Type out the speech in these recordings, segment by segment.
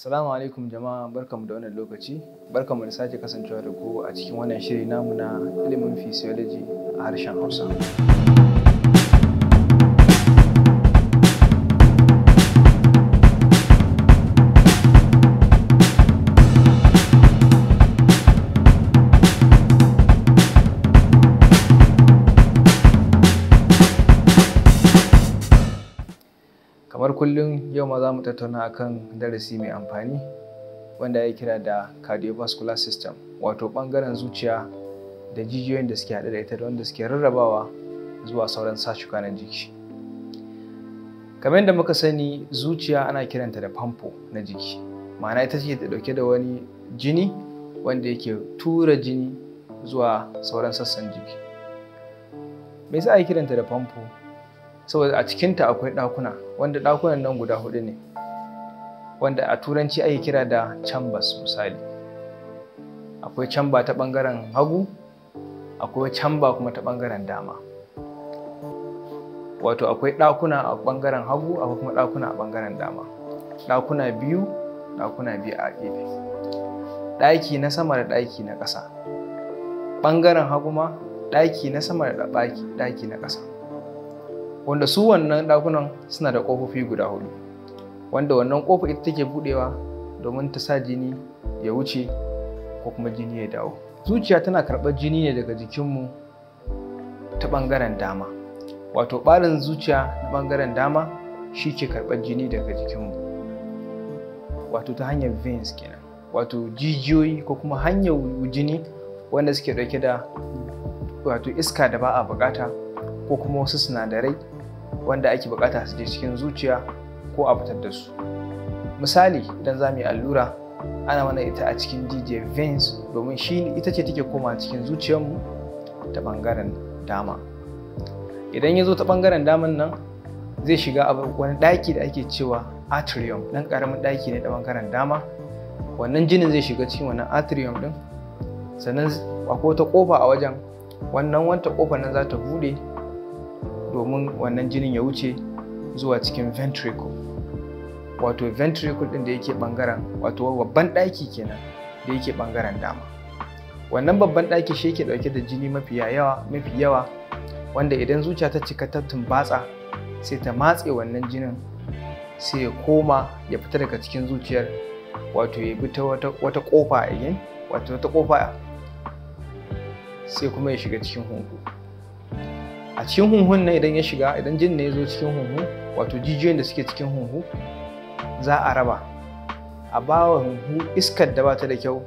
Assalamu alaikum jama'a barkamu da wannan lokaci barkamu da sake kasancewa da ku a cikin wannan shiri namu na ilimin physiology a harshen Hausa. Yau ma za mu tattauna akan darasi mai amfani wanda ya kira da cardiovascular system wato ɓangaren zuciya da jijiyoyin da suke haɗe da ita da wanda suke rarrabawa zuwa sauran sashuka na jiki. Kamar yadda muka sani zuciya ana kiranta da famfo na jiki ma'ana ita ce ta ɗauke da wani jini wanda yake tura jini zuwa sauran sassan jiki. Me a ake kiranta da famfo? saboda a cikinta akwai ɗakuna wanda ɗakunan nan guda hudu ne wanda a turanci ake kira da chambers misali akwai chamba ta ɓangaren hagu akwai chamba kuma ta ɓangaren dama wato akwai ɗakuna a ɓangaren hagu akwai kuma ɗakuna a ɓangaren dama ɗakuna biyu ɗakuna biyu a gefe ɗaki na sama da ɗaki na ƙasa ɓangaren hagu ma ɗaki na sama da ɗaki na ƙasa wanda su wannan ɗakunan suna da kofofi guda hudu wanda wannan ƙofa ita take buɗewa domin ta sa jini ya wuce ko kuma jini ya dawo zuciya tana karɓar jini ne daga jikinmu ta ɓangaren dama wato ɓarin zuciya na ɓangaren dama shi ke karɓar jini daga jikinmu wato ta hanyar veins kenan wato jijiyoyi ko kuma hanyar jini wanda suke ɗauke da wato iska da ba a buƙata ko kuma wasu sinadarai wanda ake bukata su je cikin zuciya ko a fitar da su misali idan za mu yi allura ana mana ita a cikin jijiyar veins domin shi ita ce take koma cikin zuciyarmu ta bangaren dama idan ya zo ta bangaren daman nan zai shiga wani ɗaki da ake cewa atrium ɗan karamin daki ne ta bangaren dama wannan jinin zai shiga cikin wannan atrium din. sannan akwai wata kofa a wajen wannan wata kofa nan za ta buɗe domin wannan jinin ya wuce zuwa cikin ventricle wato ventricle ɗin da yake ɓangaren wato babban ɗaki kenan da yake ɓangaren dama wannan babban ɗaki shi yake ɗauke da jini mafi yawa mafi yawa wanda idan zuciya ta cika ta tumbatsa sai ta matse wannan jinin sai ya koma ya fita daga cikin zuciyar wato ya bi ta wata kofa again wato wata kofa sai kuma ya shiga cikin hunhu a cikin hunhun na idan ya shiga idan jin ne ya zo cikin hunhu wato jijiyoyin da suke cikin hunhu za a raba a ba wa hunhu iskar da bata da kyau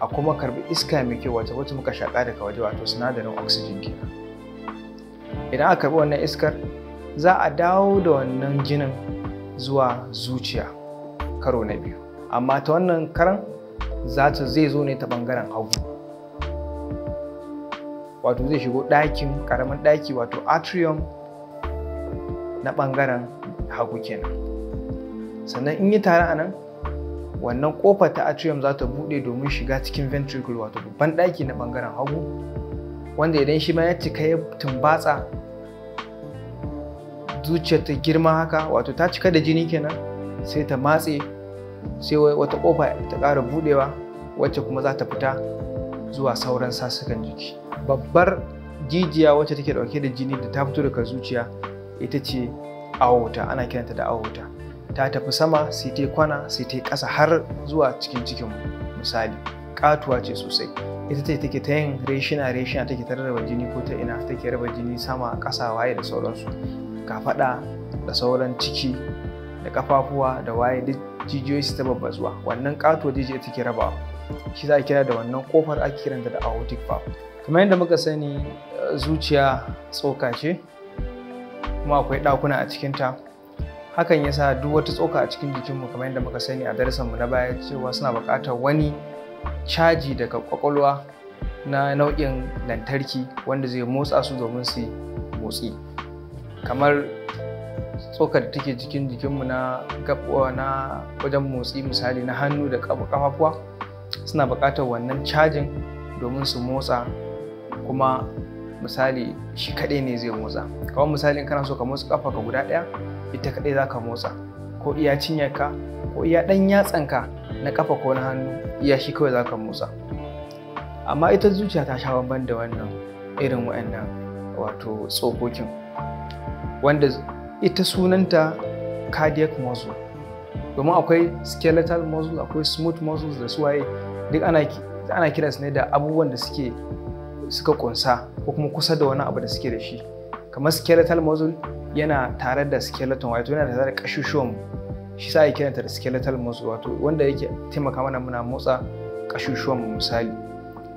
a kuma karbi iska mai kyau wata wata muka shaƙa daga waje wato sinadarin oxygen kenan idan aka karbi wannan iskar za a dawo da wannan jinin zuwa zuciya karo na biyu amma ta wannan karan zata zai zo ne ta bangaren hagu wato zai shigo ɗakin ƙaramin ɗaki wato atrium na ɓangaren hagu kenan sannan in yi tare a nan wannan ƙofar ta atrium za ta buɗe domin shiga cikin ventricle wato babban ɗaki na ɓangaren hagu wanda idan shi ma ya cika ya tumbatsa zuciyar ta girma haka wato ta cika da jini kenan sai ta matse sai wata ƙofa ta ƙara buɗewa wacce kuma za ta fita zuwa sauran sassukan jiki babbar jijiya wacce take dauke da jini da ta fito daga zuciya ita ce aorta ana kiranta da aorta ta tafi sama sai ta kwana sai ta ƙasa har zuwa cikin cikin misali katuwa ce sosai ita ce take ta yin reshina reshina take ta raba jini ko ta ina take raba jini sama kasa waye da sauransu kafaɗa da sauran ciki da kafafuwa da waye duk jijiyoyi su ta babbazuwa wannan katuwa jijiya take rabawa shi za a kira da wannan kofar ake kiranta da aortic valve kamar yadda muka sani eh, zuciya tsoka ce kuma akwai ɗakuna a cikinta hakan yasa duk wata tsoka a cikin jikinmu kamar yadda muka sani a darasinmu na baya cewa suna buƙatar wani caji daga kwakwalwa na nau'in lantarki wanda zai motsa su domin su motsi kamar tsokar da take jikin jikinmu na na wajen motsi misali na hannu da kafafuwa suna buƙatar wannan cajin domin su motsa kuma misali shi kaɗai ne zai motsa kawai misali kana so ka motsa kafa ka guda ɗaya ita kaɗai za ka motsa ko iya cinyarka ko iya ɗan ka na kafa ko na hannu iya shi kawai za ka motsa amma ita zuciya ta sha bamban da wannan irin wa'annan wato tsokokin wanda ita sunanta cardiac muscle domin akwai skeletal muscle akwai smooth muscles da suwaye duk ana su ne da abubuwan da suke suka kunsa ko kuma kusa da wani abu da suke da shi kamar skeletal muscle yana tare da skeleton wato yana tare da kashushuwan shi sa ake kiranta da skeletal muscle wato wanda yake taimaka mana muna motsa kashushuwan mu misali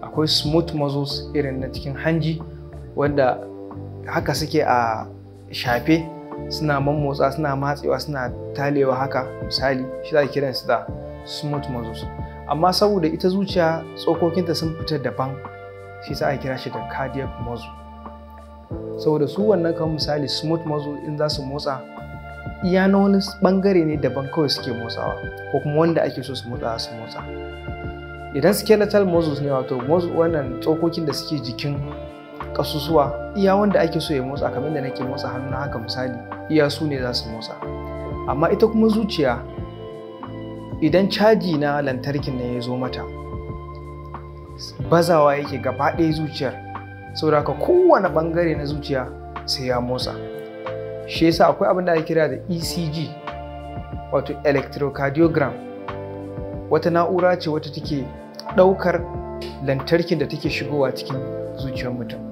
akwai smooth muscles irin na cikin hanji wanda haka suke a shafe suna mammotsa suna matsewa suna talewa haka misali shi za kiran su da smooth muscles amma saboda ita zuciya tsokokinta sun fita daban shi za a kira shi da cardiac muscle saboda su wannan kan misali smooth muscle in za su motsa iya na wani bangare ne daban kawai suke motsawa ko kuma wanda ake so su motsa su motsa idan skeletal muscles ne wato wannan tsokokin da suke jikin Ƙasusuwa, iya wanda ake so ya motsa kamar da nake motsa hannu haka misali iya su ne za su motsa amma ita kuma zuciya idan caji na lantarkin na ya zo mata bazawa yake gaba ɗaya zuciyar saboda kowane ɓangare na zuciya sai ya motsa shi yasa akwai abin da ake kira da ecg wato electrocardiogram wata na'ura ce wata take ɗaukar lantarkin da take shigowa cikin zuciyar mutum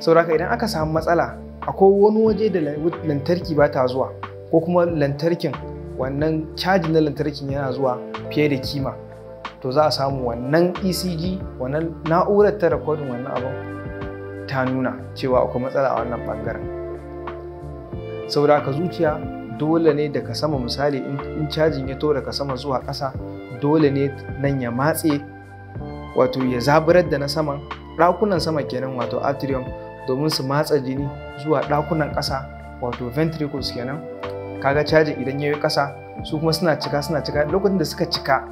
sauraka idan aka samu matsala akwai wani waje da lantarki ba ta zuwa ko kuma lantarkin wannan caji na lantarkin yana zuwa fiye da kima to za a samu wannan ecg wannan na'urar ta rekodin wannan abin ta nuna cewa akwai matsala a wannan bangaren Sauraka zuciya dole ne daga sama misali in cajin ya to daga sama zuwa ƙasa dole ne nan ya matse wato ya zaburar da na saman ɗakunan sama kenan wato atrium domin su matsa jini zuwa ɗakunan ƙasa wato ventricles kenan kaga cajin idan ya yi ƙasa su kuma suna cika suna cika lokacin da suka cika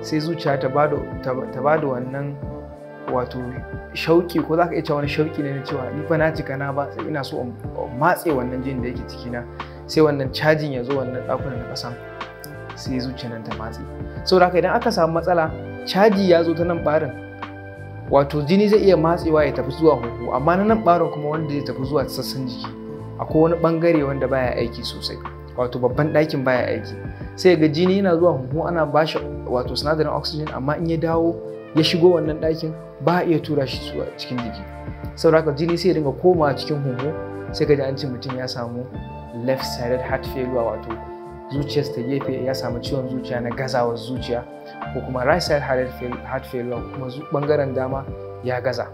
sai zuciya ta ba da wannan wato shauki ko za ka iya cewa wani shauki ne na cewa ni fa na cika na ba sai ina so in matse wannan jini da yake cikina sai wannan cajin ya zo wannan ɗakunan na ƙasa sai zuciya nan ta matse saboda haka idan aka samu matsala caji ya zo ta nan barin wato jini zai iya matsewa ya tafi zuwa huhu amma na nan ɓaro kuma wanda zai tafi zuwa sassan jiki akwai wani ɓangare wanda baya aiki sosai wato babban ɗakin baya aiki sai ga jini yana zuwa huhu ana ba shi wato sinadarin oxygen amma in ya dawo ya shigo wannan ɗakin ba iya tura shi zuwa cikin jiki saboda haka jini sai ya dinga komawa cikin huhu sai ga ji an ce mutum ya samu left sided heart failure wato Zuciyar ta gefe ya samu ciwon zuciya na gazawar zuciya ko kuma right side heart failure kuma bangaren dama ya gaza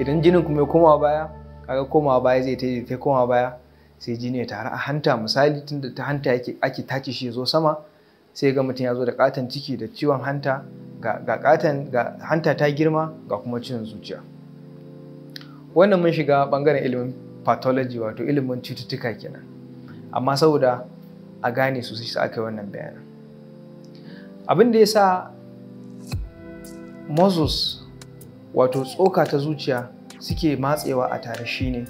idan jinin kuma ya koma baya kaga koma baya zai taje ta koma baya sai jini ya taru a hanta misali tunda ta hanta yake ake tace shi ya zo sama sai ga mutum ya zo da katon ciki da ciwon hanta ga katon ga hanta ta girma ga kuma ciwon zuciya wannan mun shiga bangaren ilimin pathology wato ilimin cututtuka kenan amma saboda a gane su shi aka yi wannan bayanin abin da ya sa muscles wato tsoka ta zuciya suke matsewa a tare shi ne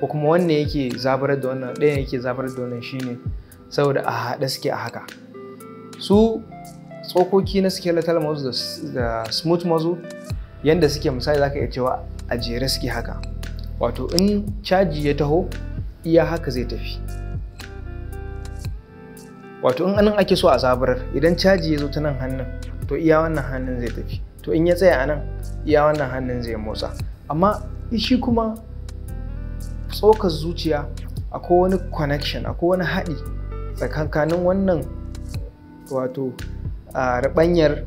ko kuma wannan yake zabarar da wannan ɗayan yake zabarar da wannan shine saboda a haɗe suke a haka su tsokoki na skeletal muscle da smooth muscle yanda suke misali zaka iya cewa a jere suke haka wato in caji ya taho iya haka zai tafi wato in anan ake so a zaburar idan caji ya zo ta nan hannun to iya wannan hannun zai tafi to in ya tsaya a nan iya wannan hannun zai motsa amma shi kuma tsokar zuciya akwai wani connection akwai wani haɗi tsakankanin wannan wato a rabanyar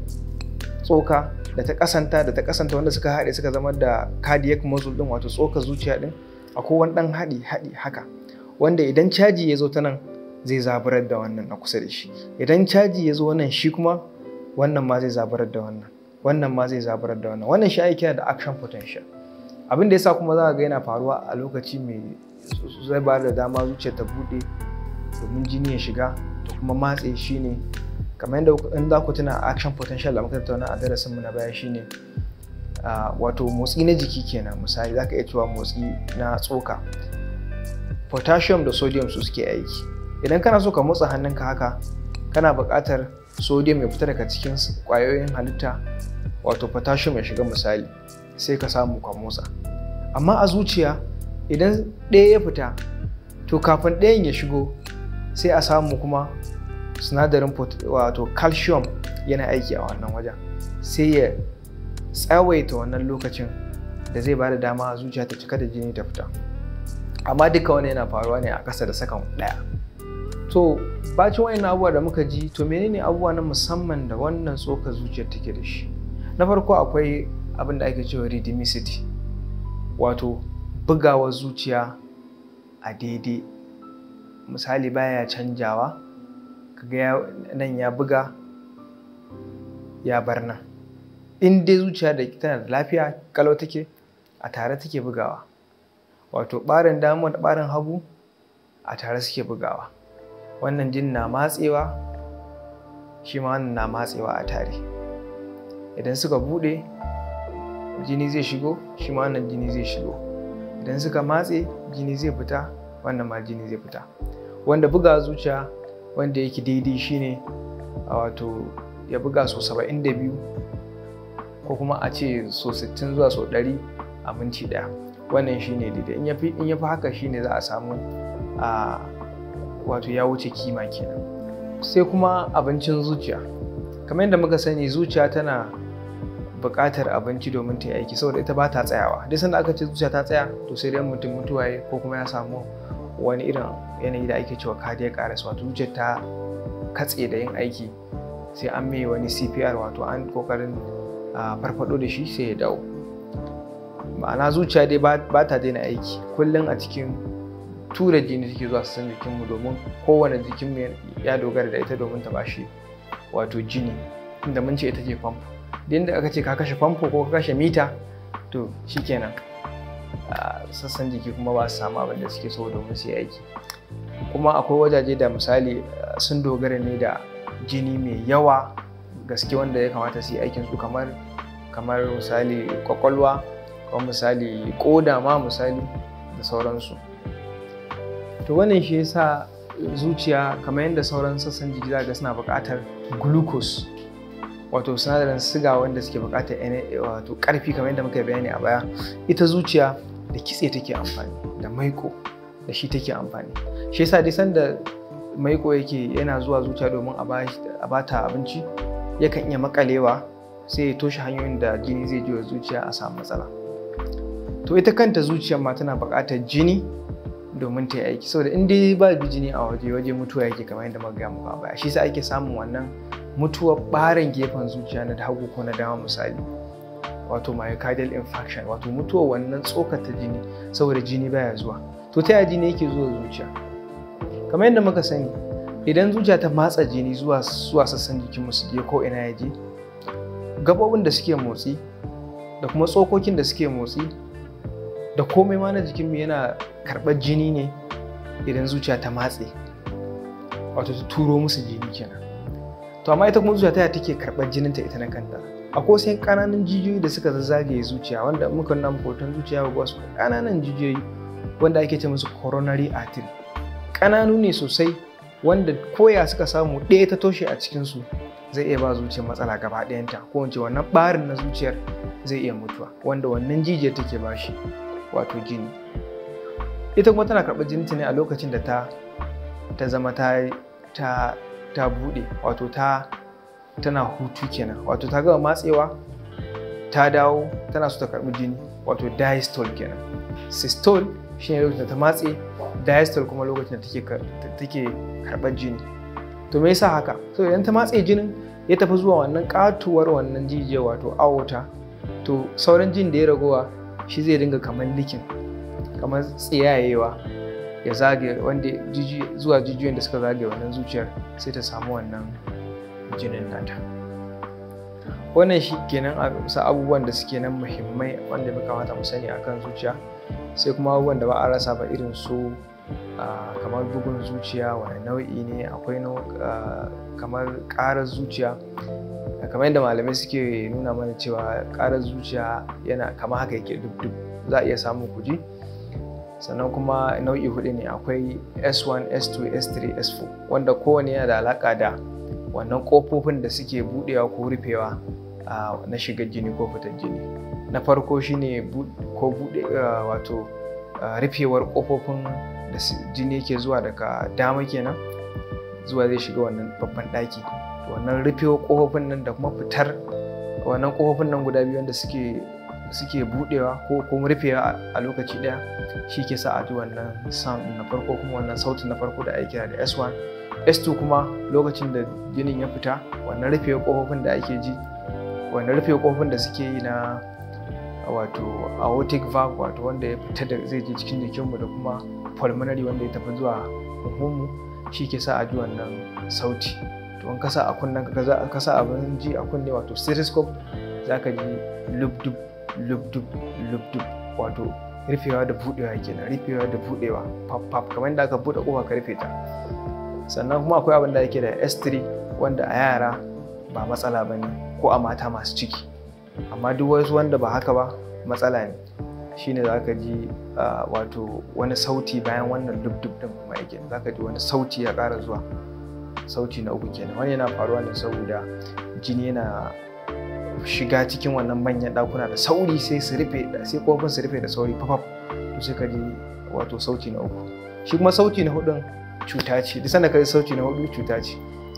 tsoka da ta kasanta da ta kasanta wanda suka haɗe suka zama da cardiac muscle din wato tsokar zuciya din akwai wani ɗan haɗi haɗi haka wanda idan caji ya zo ta nan zai zaburar da wannan na kusa da shi idan caji ya zo wannan shi kuma wannan ma zai zaburar da wannan wannan ma zai zaburar da wannan wannan shi aiki da action potential abin da yasa kuma za ga yana faruwa a lokaci mai zai ba da dama zuciya ta bude domin jini ya shiga da kuma matse shi ne kamar yadda in za ku tuna action potential da muka tattauna a darasinmu na baya shi ne. wato motsi na jiki kenan misali za ka iya cewa motsi na tsoka potassium da sodium su suke aiki idan kana so ka motsa hannunka haka kana buƙatar sodium ya fita daga cikin ƙwayoyin halitta wato potassium ya shiga misali sai ka samu ka motsa amma a zuciya idan ɗaya ya fita to kafin ɗayan ya shigo sai a samu kuma sinadarin wato calcium yana aiki a wannan wajen sai ya tsawaita wannan lokacin da zai ba da dama zuciya ta cika da jini ta fita amma duka wani yana faruwa ne a ƙasa da sakan ɗaya to bacin wayan abubuwa da muka ji to menene abubuwa na musamman da wannan tsoka zuciyar take da shi na farko akwai abin da ake cewa redimicity wato bugawa zuciya a daidai misali baya canjawa kaga nan ya buga ya bar nan in dai zuciya da tana da lafiya kalau take a tare take bugawa wato barin damuwa da barin hagu a tare suke bugawa wannan jin na matsewa shi ma wannan na matsewa a tare idan suka bude, jini zai shigo shi ma wannan jini zai shigo idan suka matse jini zai fita wannan ma jini zai fita wanda buga zuciya wanda yake daidai shine a wato ya buga so 72 ko kuma a ce so 60 zuwa so 100 a minti daya wannan shine daidai in ya fi haka shine za a samu a wato ya wuce kima kenan sai kuma abincin zuciya kamar yadda muka sani zuciya tana buƙatar abinci domin ta yi aiki saboda ita ba ta tsayawa duk sanda aka ce zuciya ta tsaya to sai dai mutum mutuwa ya ko kuma ya samu wani irin yanayi da ake cewa ya arrest wato zuciya ta katse da yin aiki sai an mai wani cpr wato an kokarin farfado da shi sai ya dawo ma'ana zuciya dai ba ta daina aiki kullum a cikin tura jini take zuwa sassan jikinmu domin kowane jikinmu ya dogara da ita domin ta bashi wato jini inda mun ce ita ce famfo din da aka ce ka kashe famfo ko ka kashe mita to shikenan sassan jiki kuma ba su samu abin da suke so domin su yi aiki kuma akwai wajaje da misali sun dogara ne da jini mai yawa gaske wanda ya kamata su yi aikin su kamar kamar misali kwakwalwa kamar misali koda ma misali da sauransu to wannan shi yasa zuciya kamar yadda sauran sassan jiki za ga suna buƙatar glucose wato sinadarin siga wanda suke buƙatar wato ƙarfi kamar yadda muka bayani a baya ita zuciya da kitse take amfani da maiko da shi take amfani shi yasa dai sanda maiko yake yana zuwa zuciya domin a ba ta abinci yakan iya makalewa sai ya toshe hanyoyin da jini zai wa zuciya a samu matsala to ita kanta zuciyar ma tana buƙatar jini domin ta yi aiki saboda in dai ba bijini a waje waje mutuwa yake kamar yadda muka gamu ba shi sa ake samun wannan mutuwar barin gefen zuciya na hagu ko na dama misali wato myocardial infarction wato mutuwar wannan tsokata jini saboda jini baya zuwa to ta yaya jini yake zuwa zuciya kamar yadda muka sani idan zuciya ta matsa jini zuwa zuwa sassan jikin mu su je ko ina ya je gabobin da suke motsi da kuma tsokokin da suke motsi da komai ma na jikinmu yana karɓar jini ne idan zuciya ta matse wato ta turo musu jini kenan to amma ita kuma zuciya ta take karɓar jininta ita na kanta akwai wasu ƙananan jijiyoyi da suka zazzagaye zuciya wanda muka nuna hoton zuciya ba su ƙananan jijiyoyi wanda ake ce musu coronary artery ƙananu ne sosai wanda koya suka samu ɗaya ta toshe a cikinsu zai iya ba zuciyar matsala gaba ɗayanta ko in wannan ɓarin na zuciyar zai iya mutuwa wanda wannan jijiyar take bashi wato jini ita kuma tana karɓar jini ne a lokacin da ta ta zama ta ta ta buɗe wato ta tana hutu kenan wato ta gama matsewa ta dawo tana so ta karɓi jini wato diastole kenan systole shine lokacin da ta matse diastole kuma lokacin da take karɓar jini to me yasa haka so idan ta matse jinin ya tafi zuwa wannan katuwar wannan jijiyar wato aorta to sauran jin da ya ragowa shi zai dinga kamar likin kamar tsayayewa ya zage wanda zuwa jijiyoyin da suka zage wannan zuciyar sai ta samu wannan jinin nata wannan shi kenan a abubuwan da suke nan muhimmai wanda ya kamata mu sani akan zuciya sai kuma abubuwan da ba a rasa ba irin su kamar bugun zuciya wani nau'i ne akwai kamar ƙarar zuciya kamar yadda malamai suke nuna mana cewa ƙarar zuciya yana kama haka yake duk duk za a iya samun kuji sannan kuma nau'i hudu ne akwai s1 s2 s3 s4 wanda kowane yana da alaka da wannan ƙofofin da suke buɗewa ko rufewa na shigar jini ko fitar jini na farko shine ko buɗe wato rufewar ƙofofin da jini yake zuwa daga dama kenan zuwa zai shiga wannan babban ɗaki wannan rufe kofofin nan da kuma fitar wannan kofofin nan guda biyu wanda suke suke budewa ko kuma rufewa a lokaci daya shi ke sa a ji wannan sound na farko kuma wannan sautin na farko da ake da S1 S2 kuma lokacin da ginin ya fita wannan rufe kofofin da ake ji wannan rufe kofofin da suke yi na wato aortic valve wato wanda ya fita da zai je cikin jikinmu da kuma pulmonary wanda ya tafi zuwa huhunmu shi ke sa a ji wannan sauti to in kasa a kunnen ka za ka sa abin ji a kunne wato stethoscope za ka ji lubdub lubdub lubdub wato rufewa da budewa kenan rufewa da budewa pap pap kamar da aka bude kofa ka rufe ta sannan kuma akwai abin da yake da S3 wanda a yara ba matsala bane ko a mata masu ciki amma duk wasu wanda ba haka ba matsala ne shine za ka ji ah, wato wani sauti bayan wannan dubdub din kuma yake za ka ji wani sauti ya ƙara zuwa sauti na uku kenan wani yana faruwa ne saboda jini yana shiga cikin wannan manyan dakuna da sauri sai su rufe sai kofin su rufe da sauri fafaf to sai ka ji wato sauti na uku shi kuma sauti na hudun cuta ce duk sanda ka ji sauti na hudu cuta ce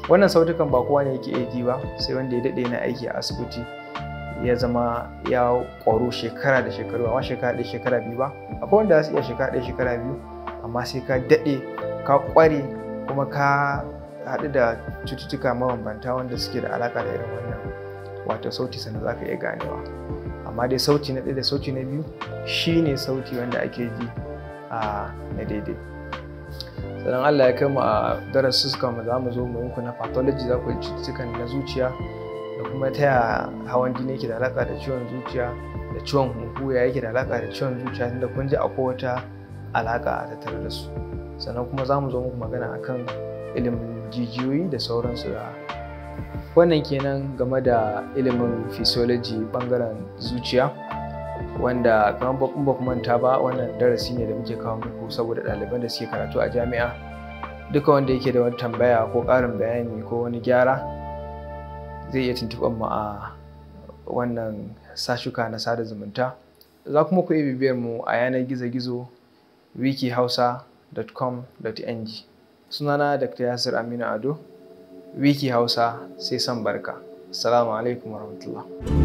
wannan sautukan ba kowa ne yake iya ji ba sai wanda ya daɗe na aiki a asibiti ya zama ya ƙwaro shekara da shekaru amma shekara ɗaya shekara biyu ba akwai wanda za su iya shekara ɗaya shekara biyu amma sai ka daɗe ka ƙware kuma ka haɗu da cututtuka mabambanta wanda suke da alaƙa da irin wannan wato sauti sanda za ka iya ganewa amma dai sauti na ɗaya da sauti na biyu shi ne sauti wanda ake ji a na daidai sannan allah ya kai mu a darasu mu za mu zo mu yanku na pathology za ku yi cututtukan na zuciya da kuma ta yaya hawan jini yake da alaƙa da ciwon zuciya da ciwon huhu ya yake da alaƙa da ciwon zuciya tunda kun ji akwai wata alaƙa a tattare da su sannan kuma za mu zo muku magana akan ilimin jijiyoyi da sauransu da wannan kenan game da ilimin physiology bangaren zuciya wanda kamar ba manta ba wannan darasi ne da muke kawo muku saboda ɗaliban da suke karatu a jami'a duka wanda yake da wani tambaya ko ƙarin bayani ko wani gyara zai iya tuntuɓar mu a wannan sashuka na sada zumunta za kuma ku iya bibiyar mu a yanar gizo-gizo wikihausa.com.ng sunana dr yasir aminu ado wiki hausa sai san barka assalamu alaikum warahmatullahi